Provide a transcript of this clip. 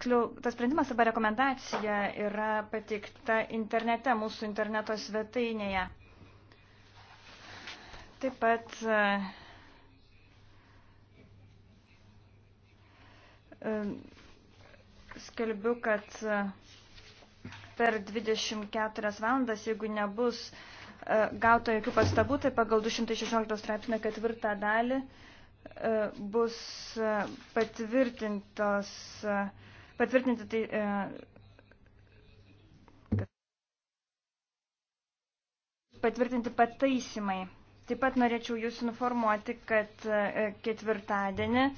Tiksliau, tas sprendimas arba rekomendacija yra pateikta internete, mūsų interneto svetainėje. Taip pat e, skelbiu, kad e, per 24 valandas, jeigu nebus e, gauta jokių pastabų, tai pagal 216 straipsnio ketvirtą dalį bus patvirtintos uh, patvirtinti tai, e, patvirtinti pataisimai. Taip pat norėčiau jūs informuoti, kad e, ketvirtadienį